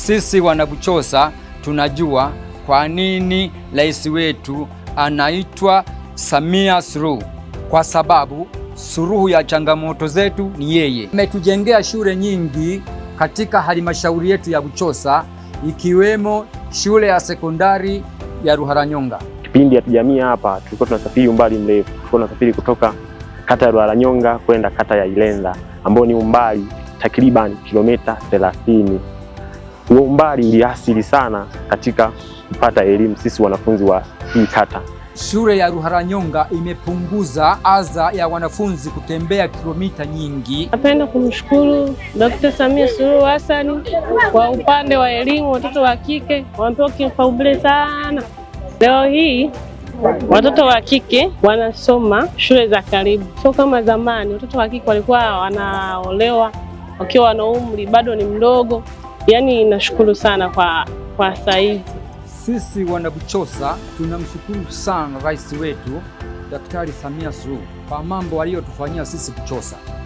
Sisi wanabuchosa tunajua kwa nini rais wetu anaitwa Samia Suluhu, kwa sababu suluhu ya changamoto zetu ni yeye. Ametujengea shule nyingi katika halmashauri yetu ya Buchosa, ikiwemo shule ya sekondari ya Ruharanyonga. Kipindi hatujamii hapa, tulikuwa tunasafiri umbali mrefu, tulikuwa tunasafiri kutoka kata ya Ruharanyonga kwenda kata ya Ilenda, ambao ni umbali takriban kilomita 30 huo umbali uliathiri sana katika kupata elimu sisi wanafunzi wa hii kata. Shule ya Ruharanyonga imepunguza adha ya wanafunzi kutembea kilomita nyingi. Napenda kumshukuru Dkt. Samia Suluhu Hassan kwa upande wa elimu, watoto wa kike wamepewa kipaumbele sana. Leo hii watoto wa kike wanasoma shule za karibu, sio kama zamani. Watoto wa kike walikuwa wanaolewa wakiwa wana umri bado ni mdogo yani nashukuru sana kwa, kwa saizi sisi Wanabuchosa tunamshukuru sana rais wetu Daktari Samia Suluhu kwa mambo aliyotufanyia sisi Buchosa.